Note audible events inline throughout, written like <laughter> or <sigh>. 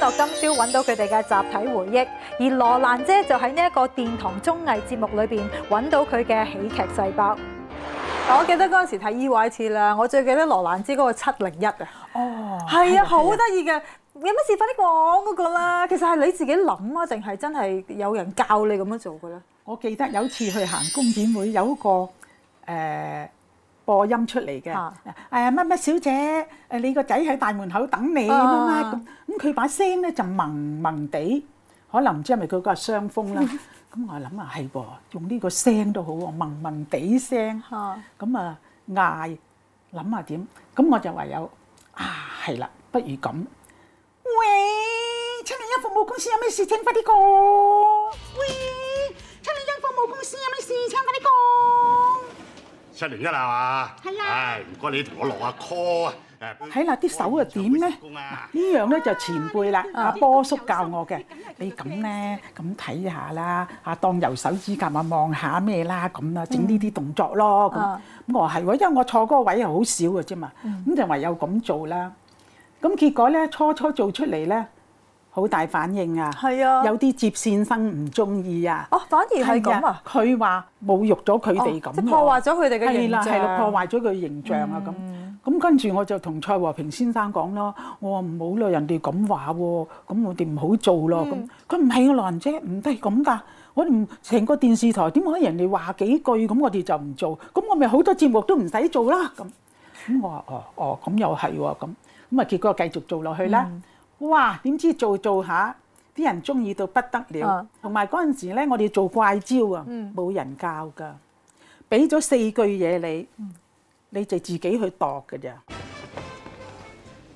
落今宵揾到佢哋嘅集體回憶，而羅蘭姐就喺呢一個殿堂綜藝節目裏邊揾到佢嘅喜劇細胞。我記得嗰陣時睇意外一次啦，我最記得羅蘭姐嗰個七零一啊，係啊，好得意嘅。啊、有乜事快啲講嗰個啦。其實係你自己諗啊，定係真係有人教你咁樣做嘅咧？我記得有次去行公展會，有一個誒。呃播音出嚟嘅，誒乜乜小姐，誒你個仔喺大門口等你，乜乜咁，咁佢把聲咧就朦朦地，可能唔知係咪佢個傷風啦，咁我諗下係喎，用呢個聲都好喎，朦朦地聲，咁啊嗌，諗下點，咁我就唯有，啊係啦，不如咁，喂，七零一服務公司有咩事請快啲過，喂，七零一服務公司有咩事請快啲過。七零一啦嘛，唉的，唔該、哎、你同我落下 call 啊！喺嗱啲手又點咧？呢樣咧就前輩啦，阿波叔教我嘅。你咁咧咁睇下啦，啊，看看當由手指甲咪望下咩啦咁啊，整呢啲動作咯。咁、嗯啊、我係喎、啊，因為我坐嗰個位又好少嘅啫嘛。咁、嗯、就唯有咁做啦。咁結果咧，初初做出嚟咧。好大反應啊！係啊，有啲接線生唔中意啊！哦，反而係咁啊！佢話侮辱咗佢哋咁，破壞咗佢哋嘅形象，破壞咗佢形象啊！咁咁跟住我就同蔡和平先生講啦，我話唔好啦，人哋咁話喎，咁我哋唔好做咯咁。佢唔係個羅蘭姐，唔得係咁噶。我哋唔成個電視台點可以人哋話幾句咁我哋就唔做？咁我咪好多節目都唔使做啦咁。咁我話哦哦，咁又係喎咁咁啊！結果繼續做落去啦。哇！點知做做下啲人中意到不得了，同埋嗰陣時咧，我哋做怪招啊，冇、嗯、人教噶，俾咗四句嘢你，嗯、你就自己去度嘅咋。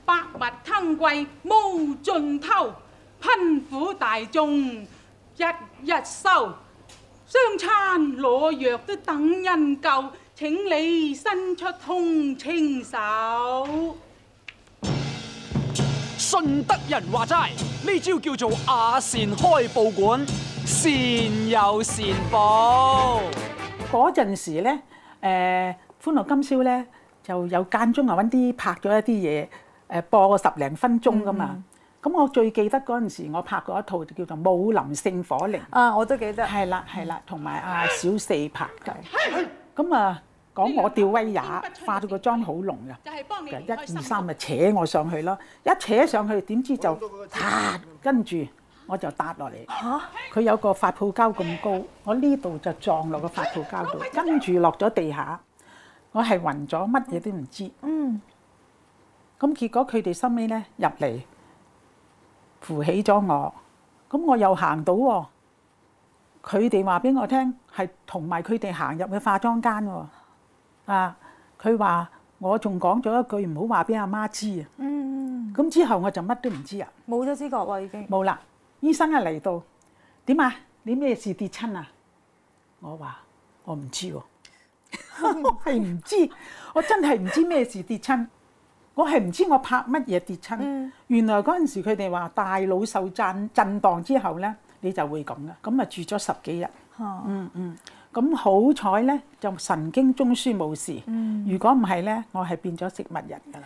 百物騰貴冇盡頭，貧苦大眾日日愁，傷殘老弱都等人救，請你伸出同情手。順德人話齋，呢招叫做阿善開報館，善有善報。嗰陣時咧，誒、呃《歡樂今宵呢》咧就有間中啊揾啲拍咗一啲嘢，誒、播十零分鐘噶嘛。咁、嗯、我最記得嗰陣時，我拍過一套就叫做《武林聖火令》。啊，我都記得。係啦，係啦，同埋阿小四拍嘅。咁啊～ <coughs> 講我吊威也化咗個妝好濃嘅，就係幫你，一二三咪扯我上去咯，一扯上去點知就嗒，跟住我就跌落嚟。嚇！佢有個發泡膠咁高，我呢度就撞落個發泡膠度，跟住落咗地下。我係暈咗，乜嘢都唔知。嗯，咁結果佢哋收尾咧入嚟扶起咗我，咁我又行到喎。佢哋話俾我聽係同埋佢哋行入去化妝間喎。啊！佢話：我仲講咗一句唔好話俾阿媽知啊。嗯。咁之後我就乜都唔知啊。冇咗知覺喎，已經。冇啦。醫生一嚟到，點啊？你咩事跌親啊？我話我唔知喎，係唔 <laughs> <laughs> 知。我真係唔知咩事跌親。我係唔知我拍乜嘢跌親。嗯、原來嗰陣時佢哋話大腦受震震盪之後咧，你就會咁啦。咁啊住咗十幾日。哦、嗯。嗯嗯。咁好彩咧，就神經中樞冇事。如果唔係咧，我係變咗植物人㗎喇。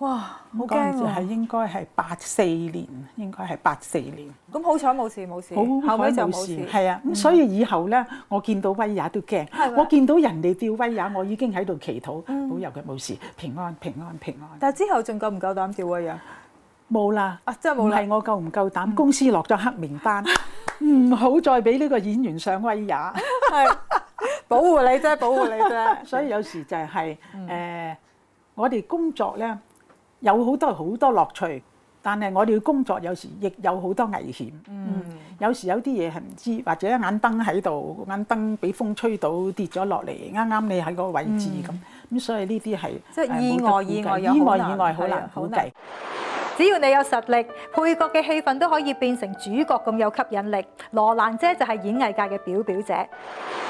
哇，好驚！就係應該係八四年，應該係八四年。咁好彩冇事冇事，好後尾就冇事。係啊，咁所以以後咧，我見到威也都驚。我見到人哋吊威也，我已經喺度祈禱，好由佢冇事，平安平安平安。但係之後仲夠唔夠膽吊威也？冇啦，係我夠唔夠膽？公司落咗黑名單，唔好再俾呢個演員上威也，係，保護你啫，保護你啫。所以有時就係誒，我哋工作咧有好多好多樂趣，但係我哋嘅工作，有時亦有好多危險。嗯，有時有啲嘢係唔知，或者眼燈喺度，眼燈俾風吹到跌咗落嚟，啱啱你喺個位置咁，咁所以呢啲係即係意外，意外，意外，意外，好難估計。只要你有實力，配角嘅戲份都可以變成主角咁有吸引力。羅蘭姐就係演藝界嘅表表姐。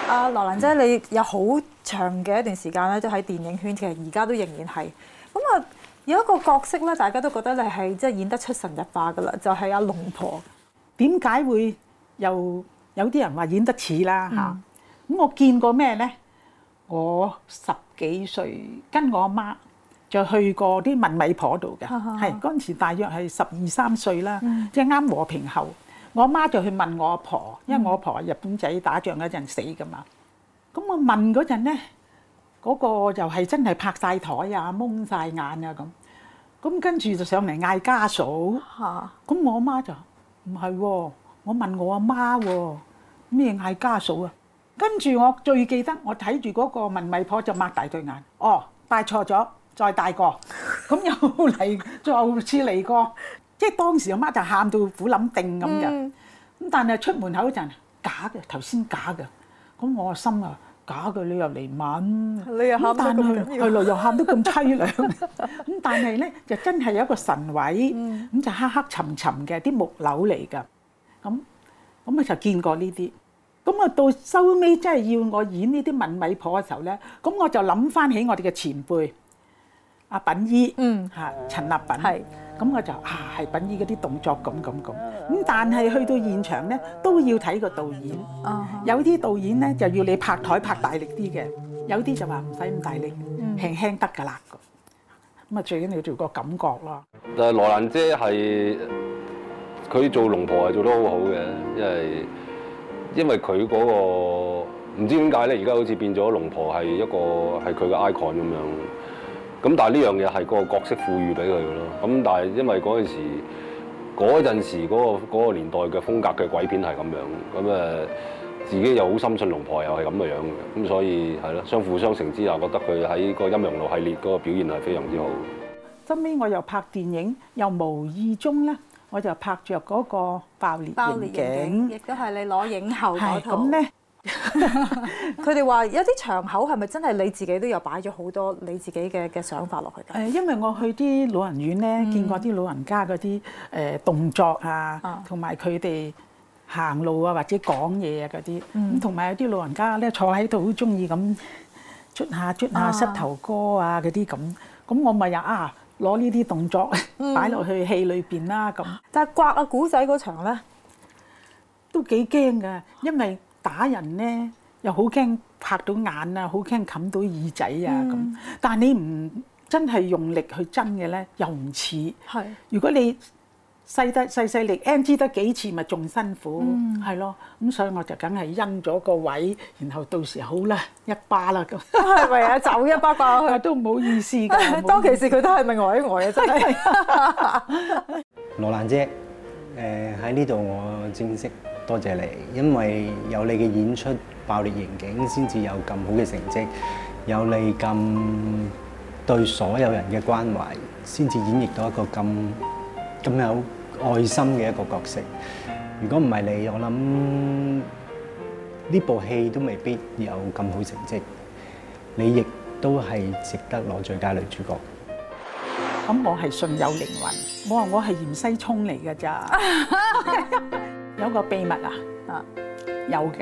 阿羅蘭姐，你有好長嘅一段時間咧，都喺電影圈，其實而家都仍然係。咁啊，有一個角色咧，大家都覺得你係即係演得出神入化噶啦，就係、是、阿龍婆。點解會又有啲人話演得似啦？嚇、嗯，咁我見過咩呢？我十幾歲跟我阿媽，媽。就去過啲問米婆度嘅，係嗰陣時大約係十二三歲啦，即係啱和平後，我阿媽就去問我阿婆，因為我阿婆係日本仔打仗嗰陣死噶嘛。咁我問嗰陣咧，嗰、嗰個又係真係拍晒台啊、蒙晒眼啊咁。咁跟住就上嚟嗌家嫂，咁、啊、哈我阿媽就唔係喎，我問我阿媽喎、啊，咩嗌家嫂啊？跟住我最記得我睇住嗰個問米婆就擘大對眼，哦，帶錯咗。再大個咁又嚟，再次嚟過即係當時阿媽就喊到苦諗定咁嘅。咁但係出門口陣假嘅頭先假嘅，咁我個心啊假嘅你又嚟問咁，但係嚟落又喊得咁淒涼。咁但係咧就真係有一個神位咁就黑黑沉沉嘅啲木樓嚟㗎。咁咁咪就見過呢啲咁啊？到收尾真係要我演呢啲問米婆嘅時候咧，咁我就諗翻起我哋嘅前輩。阿品姨，嚇、嗯、陳立品，咁我就啊係品姨嗰啲動作咁咁咁，咁但係去到現場咧都要睇個導演，哦、有啲導演咧就要你拍台拍大力啲嘅，有啲就話唔使咁大力，輕輕得㗎啦。咁啊、嗯、最緊要做個感覺咯。但係羅蘭姐係佢做龍婆係做得好好嘅，因為因為佢嗰、那個唔知點解咧，而家好似變咗龍婆係一個係佢嘅 icon 咁樣。咁但係呢樣嘢係個角色賦予俾佢嘅咯。咁但係因為嗰陣時，嗰陣時、嗰個嗰個年代嘅風格嘅鬼片係咁樣。咁、嗯、誒，自己又好深信龍婆又係咁嘅樣嘅。咁、嗯、所以係咯，相輔相成之下，覺得佢喺個陰陽路系列嗰個表現係非常之好的。後尾我又拍電影，又無意中咧，我就拍着嗰個爆裂鏡爆裂鏡，亦都係你攞影后攞到。佢哋話有啲場口係咪真係你自己都有擺咗好多你自己嘅嘅想法落去㗎？誒，因為我去啲老人院咧，見過啲老人家嗰啲誒動作啊，同埋佢哋行路啊，或者講嘢啊嗰啲，咁同埋有啲老人家咧坐喺度好中意咁捽下捽下膝頭哥啊嗰啲咁。咁我咪又啊攞呢啲動作擺落去戲裏邊啦咁。但係刮啊古仔嗰場咧，都幾驚㗎，因為。打人咧，又好驚拍到眼啊，好驚冚到耳仔啊咁。嗯、但係你唔真係用力去爭嘅咧，又唔似。係是。如果你細得細細力 NG 得幾次咪仲辛苦，係、嗯、咯。咁所以我就梗係陰咗個位，然後到時好啦，一巴啦咁。係咪 <laughs> 啊？走一巴掛去都唔好意思。 <laughs> 當其時佢都係咪呆呆啊？真係。羅蘭姐，誒喺呢度我正式。多謝你，因為有你嘅演出，《爆裂刑警》先至有咁好嘅成績，有你咁對所有人嘅關懷，先至演繹到一個咁咁有愛心嘅一個角色。如果唔係你，我諗呢部戲都未必有咁好成績。你亦都係值得攞最佳女主角。咁我係信有靈魂，我話我係鹽西沖嚟㗎咋。有個秘密啊！啊，有嘅。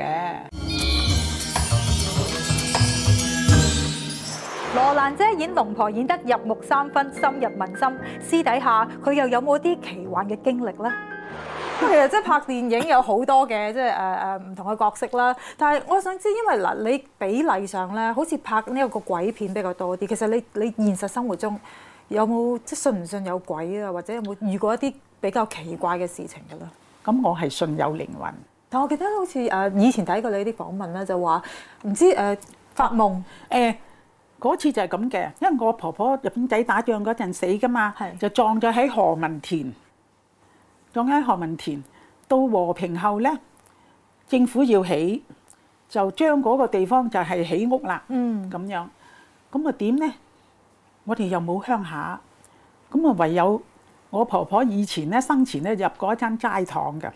羅蘭姐演龍婆演得入木三分、深入民心，私底下佢又有冇啲奇幻嘅經歷呢？ <laughs> 其實即係拍電影有好多嘅，即係誒誒唔同嘅角色啦。但係我想知，因為嗱你比例上咧，好似拍呢一個鬼片比較多啲。其實你你現實生活中有冇即係信唔信有鬼啊？或者有冇遇過一啲比較奇怪嘅事情噶咧？咁我係信有靈魂，但我記得好似誒以前睇過你啲訪問咧，就話唔知誒發夢誒嗰次就係咁嘅，因為我婆婆日本仔打仗嗰陣死噶嘛，就葬咗喺何文田，葬喺何文田到和平後咧，政府要起就將嗰個地方就係起屋啦，嗯咁樣，咁啊點咧？我哋又冇鄉下，咁啊唯有。我婆婆以前咧生前咧入過一間齋堂嘅，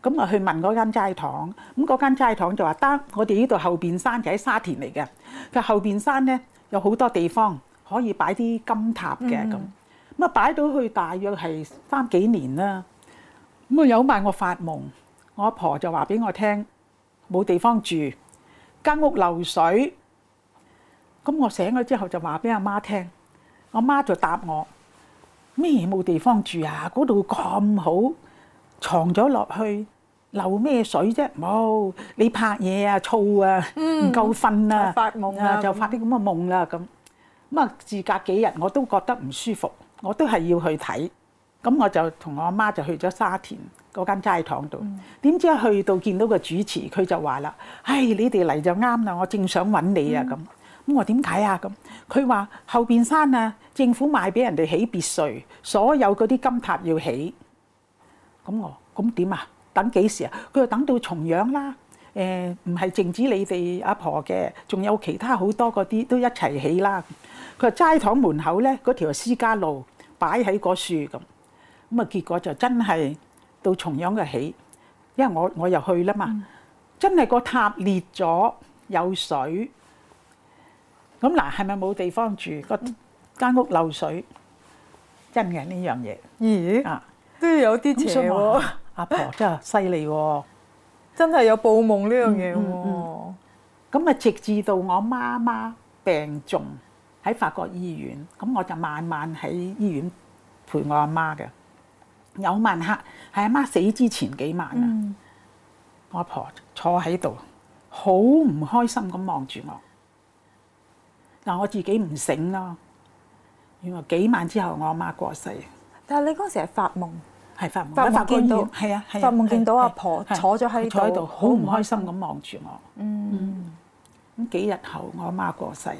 咁、嗯、啊去問嗰間齋堂，咁嗰間齋堂就話得，我哋呢度後邊山就喺沙田嚟嘅，佢後邊山咧有好多地方可以擺啲金塔嘅咁，咁啊擺到去大約係三幾年啦，咁、嗯、啊有晚我發夢，我阿婆就話俾我聽冇地方住，間屋漏水，咁、嗯、我醒咗之後就話俾阿媽聽，阿媽就答我。咩冇地方住啊？嗰度咁好，藏咗落去，流咩水啫？冇你拍嘢啊、燥啊、唔夠瞓啊，發、嗯嗯、夢啊，就發啲咁嘅夢啦咁。咁啊，啊嗯嗯、自隔幾日我都覺得唔舒服，我都係要去睇。咁、嗯嗯、我就同我阿媽就去咗沙田嗰間齋堂度。點知去到見到個主持，佢就話啦：唉，你哋嚟就啱啦，我正想揾你啊咁。咁我點解啊？咁佢話後邊山啊，政府賣俾人哋起別墅，所有嗰啲金塔要起。咁我咁點啊？等幾時啊？佢話等到重陽啦。誒，唔係淨止你哋阿婆嘅，仲有其他好多嗰啲都一齊起啦。佢話齋堂門口咧嗰條私家路擺喺個樹咁。咁啊，結果就真係到重陽嘅起，因為我我又去啦嘛，真係個塔裂咗有水。咁嗱，係咪冇地方住？個間屋漏水，真嘅呢樣嘢。咦？啊，都有啲邪喎！阿婆真係犀利喎，真係有報夢呢樣嘢喎。咁、嗯、啊、嗯，直至到我媽媽病重喺法國醫院，咁我就慢慢喺醫院陪我阿媽嘅。有晚黑係阿媽死之前幾晚啊，嗯、我阿婆坐喺度，好唔開心咁望住我。嗱我自己唔醒啦。原來幾晚之後我阿媽過世。但係你嗰陣時係發夢，係發夢，發夢見到係啊，啊啊發夢見到阿婆、啊啊、坐咗喺度，好唔開心咁望住我。嗯，咁、嗯、幾日後我阿媽過世。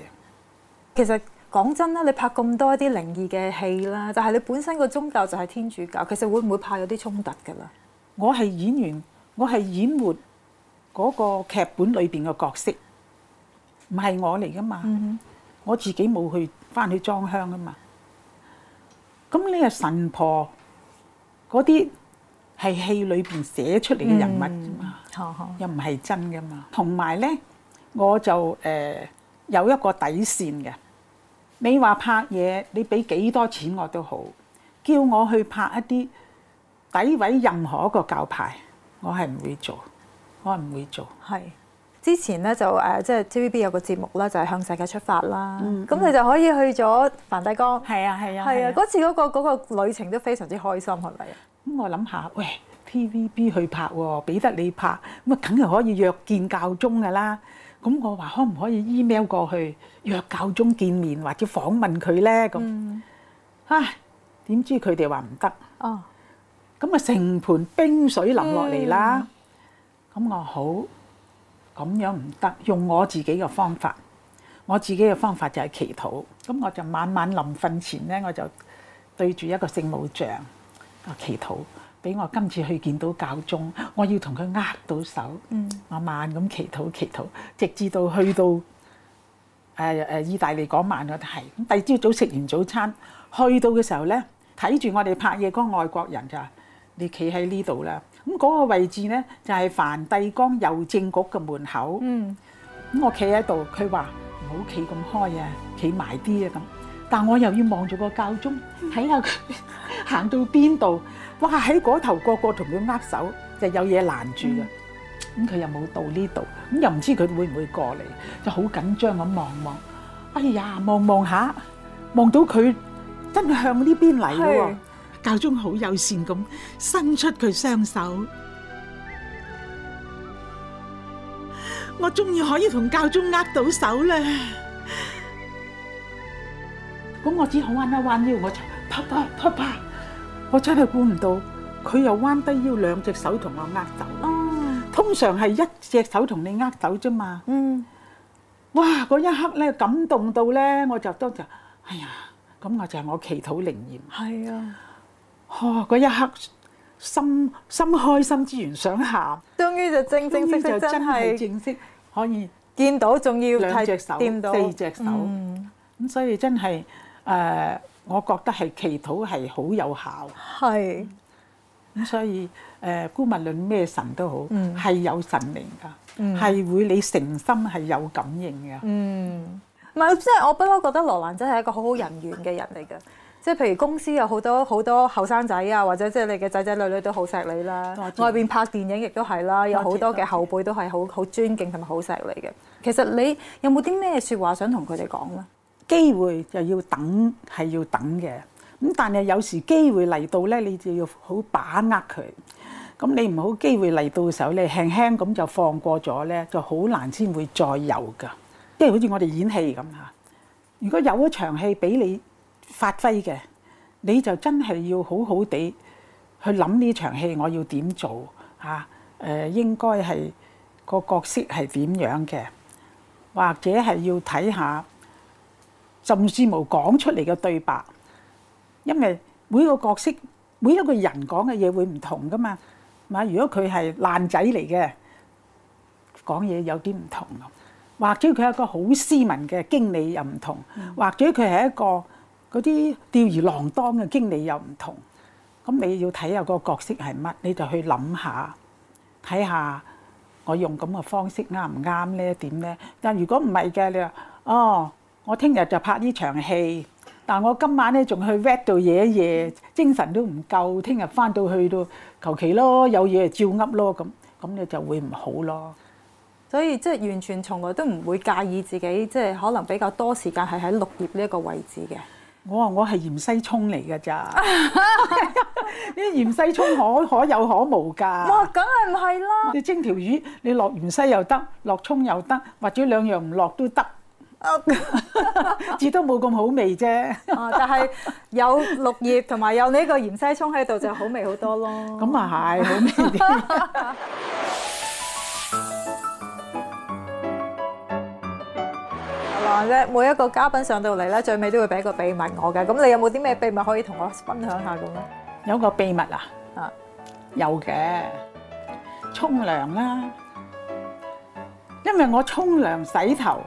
其實講真啦，你拍咁多一啲靈異嘅戲啦，但係你本身個宗教就係天主教，其實會唔會怕有啲衝突㗎啦？我係演員，我係演活嗰個劇本裏邊嘅角色，唔係我嚟噶嘛。嗯我自己冇去翻去裝香啊嘛，咁呢個神婆嗰啲係戲裏邊寫出嚟嘅人物又唔係真噶嘛。同埋、嗯、呢，我就誒、呃、有一個底線嘅，你話拍嘢，你俾幾多錢我都好，叫我去拍一啲底位任何一個教派，我係唔會做，我係唔會做。係。之前 TVB 有個節目，就係向世界出發，咁你就可以去咗梵蒂岡，嗰次嗰個旅程都非常之開心，我諗下，咁樣唔得，用我自己嘅方法。我自己嘅方法就係祈禱。咁我就晚晚臨瞓前咧，我就對住一個聖母像啊祈禱，俾我今次去見到教宗，我要同佢握到手。我慢咁祈禱祈禱，直至到去到誒誒意大利嗰晚我都係。咁第二朝早食完早餐，去到嘅時候咧，睇住我哋拍嘢嗰個外國人就話，你企喺呢度啦。咁嗰個位置咧就係、是、梵蒂岡郵政局嘅門口。嗯，咁我企喺度，佢話唔好企咁開啊，企埋啲啊咁。但我又要望住個教宗，睇下佢行到邊度。哇！喺嗰頭個個同佢握手，就是、有嘢攔住嘅。咁佢、嗯、又冇到呢度，咁又唔知佢會唔會過嚟，就好緊張咁望望。哎呀，望望下，望到佢真係向呢邊嚟喎。教宗好友善咁，伸出佢雙手，我終於可以同教宗握到手啦。咁我只好彎一彎腰，我就啪啪啪啪，我真係估唔到佢又彎低腰，兩隻手同我握手。通常係一隻手同你握手啫嘛。嗯。哇！嗰一刻咧，感動到咧，我就當就哎呀，咁我就係我祈禱靈驗。係啊。哦！嗰一刻，心心開心之餘想喊，終於就正正式就真係正式可以見到，仲要兩隻手掂到四隻手。咁所以真係誒，我覺得係祈禱係好有效。係咁，所以誒，姑勿論咩神都好，係有神靈㗎，係會你誠心係有感應㗎。嗯，唔係即係我不嬲覺得羅蘭真係一個好好人緣嘅人嚟㗎。即係譬如公司有好多好多後生仔啊，或者即係你嘅仔仔女女都好錫你啦。謝外邊拍電影亦都係啦，謝有好多嘅後輩都係好好尊敬同埋好錫你嘅。其實你有冇啲咩説話想同佢哋講咧？機會就要等，係要等嘅。咁但係有時機會嚟到咧，你就要好把握佢。咁你唔好機會嚟到嘅時候咧，你輕輕咁就放過咗咧，就好難先會再有㗎。即係好似我哋演戲咁嚇，如果有一場戲俾你。發揮嘅，你就真係要好好地去諗呢場戲，我要點做嚇？誒、啊呃，應該係個角色係點樣嘅？或者係要睇下甚至冇講出嚟嘅對白，因為每個角色，每一個人講嘅嘢會唔同噶嘛。嘛，如果佢係爛仔嚟嘅，講嘢有啲唔同；或者佢係一個好斯文嘅經理又唔同；或者佢係一個，嗰啲吊兒郎當嘅經理又唔同，咁你要睇下個角色係乜，你就去諗下，睇下我用咁嘅方式啱唔啱咧？點呢。但如果唔係嘅，你話哦，我聽日就拍呢場戲，但我今晚咧仲去 read 度嘢一夜，精神都唔夠，聽日翻到去都求其咯，有嘢照噏咯，咁咁你就會唔好咯。所以即係完全從來都唔會介意自己即係可能比較多時間係喺綠葉呢一個位置嘅。我話我係芫茜葱嚟㗎咋。啲芫茜葱可可有可無㗎。哇，梗係唔係啦？你蒸條魚，你落芫茜又得，落葱又得，或者兩樣唔落都得。至多冇咁好味啫。哦，但係有綠葉同埋有呢個芫茜葱喺度就好味好多咯。咁 <laughs> 啊係，好味啲。呢,每一個嘉賓上到嚟,最尾都會俾個秘密我嘅,你有冇啲咩秘密可以同我分享吓咁?有個秘密啦,有嘅。沖涼啦。因為我沖涼洗頭,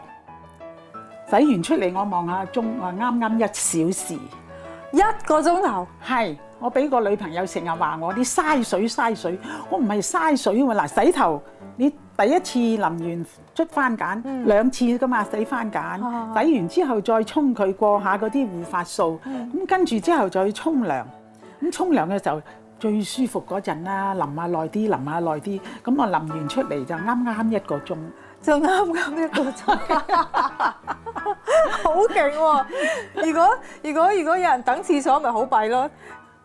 洗完出嚟我望下鐘,啱啱一小時,一個鐘頭,係。我俾個女朋友成日話我啲嘥水，嘥水，我唔係嘥水喎，嗱，洗頭你第一次淋完捽番梘兩次㗎嘛，洗番梘洗完之後再沖佢過下嗰啲護髮素，咁跟住之後再去沖涼，咁沖涼嘅時候最舒服嗰陣啦，淋下耐啲，淋下耐啲，咁我淋完出嚟就啱啱一個鐘，就啱啱一個鐘，好勁喎！如果，如果，如果有人等廁所咪好弊咯～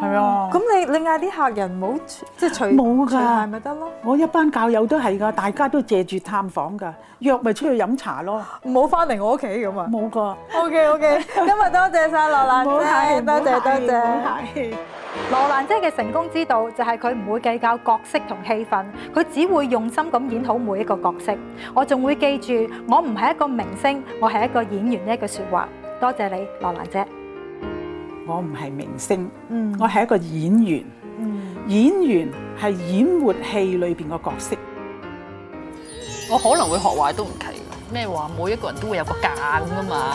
係啊！咁你你嗌啲客人唔好即係除冇噶，咪得咯！我一班教友都係噶，大家都借住探訪噶，約咪出去飲茶咯，唔好翻嚟我屋企咁啊！冇噶。O K O K，今日多謝晒羅蘭姐，多謝多謝。係羅蘭姐嘅成功之道就係佢唔會計較角色同戲份，佢只會用心咁演好每一個角色。我仲會記住，我唔係一個明星，我係一個演員呢一句說話。多謝你，羅蘭姐。我唔係明星，嗯、我係一個演員。嗯、演員係演活戲裏邊個角色，我可能會學壞都唔奇。咩話？每一個人都會有個間㗎嘛。